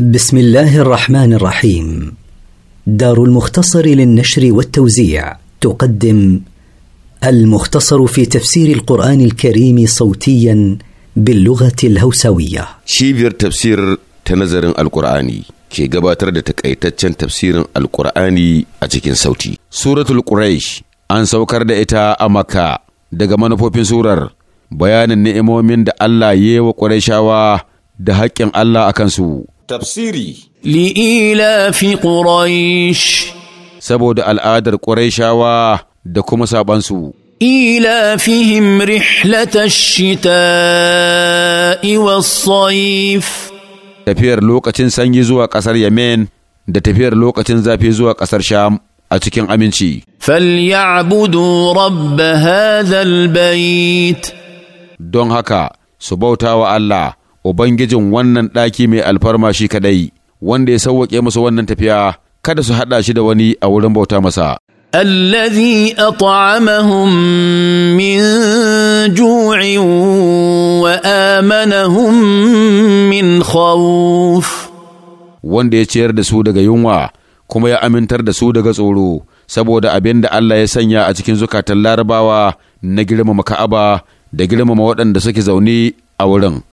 بسم الله الرحمن الرحيم دار المختصر للنشر والتوزيع تقدم المختصر في تفسير القرآن الكريم صوتيا باللغة الهوسوية شيفير تفسير تنزر القرآني كي قباتر تفسير القرآني أتكين صوتي سورة القريش أن سوكر دائتا أمكا دقمان فوبين سورر بيان النئمو من دا الله يي وقريشاوا دا حكيم الله أكنسو tafsiri li'ilafi quraish saboda al'adar quraishawa da kuma sabansu ilafihim rihlatash shita'i was-sayf tafiyar lokacin sanyi zuwa ƙasar Yamen da tafiyar lokacin zafi zuwa ƙasar Sham a cikin aminci. Falyabudu rabba hadha bait Don haka, su bauta wa Allah Ubangijin wannan ɗaki mai alfarma shi kaɗai, wanda ya sauwaƙe musu wannan tafiya, kada su haɗa shi da wani a wurin bauta masa. الذي min من wa وآمنهم min خوف wanda ya ciyar da su daga yunwa kuma ya amintar da su daga tsoro saboda abin da Allah ya sanya a cikin zukatan larabawa na girmama ka'aba da girmama waɗanda suke zaune a wurin